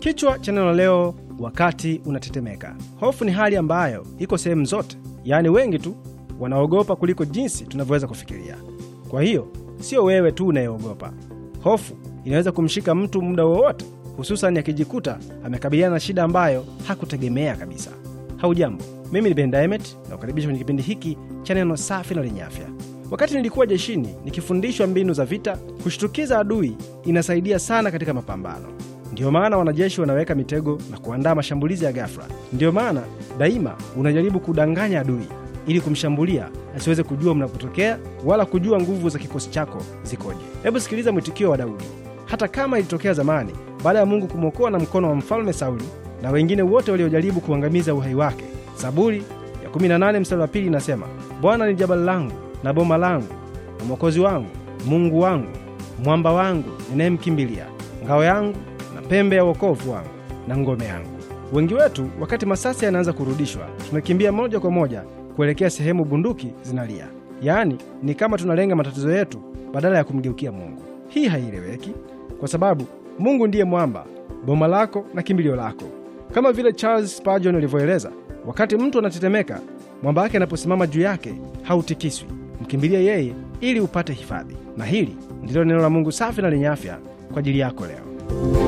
Kichwa cha neno leo, wakati unatetemeka. Hofu ni hali ambayo iko sehemu zote, yaani wengi tu wanaogopa kuliko jinsi tunavyoweza kufikiria. Kwa hiyo sio wewe tu unayeogopa. Hofu inaweza kumshika mtu muda wowote, hususani akijikuta amekabiliana na shida ambayo hakutegemea kabisa. Haujambo, mimi ni Ben Diamond na kukaribisha kwenye kipindi hiki cha neno safi na lenye afya. Wakati nilikuwa jeshini nikifundishwa mbinu za vita, kushtukiza adui inasaidia sana katika mapambano. Ndiyo maana wanajeshi wanaweka mitego na kuandaa mashambulizi ya ghafla. Ndiyo maana daima unajaribu kudanganya adui ili kumshambulia asiweze kujua mnapotokea wala kujua nguvu za kikosi chako zikoje. Hebu sikiliza mwitikio wa Daudi, hata kama ilitokea zamani, baada ya Mungu kumwokoa na mkono wa mfalme Sauli na wengine wote waliojaribu kuangamiza uhai wake. Zaburi ya 18 mstari wa pili inasema, Bwana ni jabali langu na boma langu na mwokozi wangu, Mungu wangu, mwamba wangu ninayemkimbilia, ngao yangu pembe ya wokovu wangu na ngome yangu. Wengi wetu wakati masasi yanaanza kurudishwa, tunakimbia moja kwa moja kuelekea sehemu bunduki zinalia. Yaani ni kama tunalenga matatizo yetu badala ya kumgeukia Mungu. Hii haieleweki kwa sababu Mungu ndiye mwamba, boma lako na kimbilio lako. Kama vile Charles Spurgeon alivyoeleza, wakati mtu anatetemeka, mwamba wake anaposimama juu yake hautikiswi. Mkimbilie yeye ili upate hifadhi. Na hili ndilo neno la Mungu safi na lenye afya kwa ajili yako leo.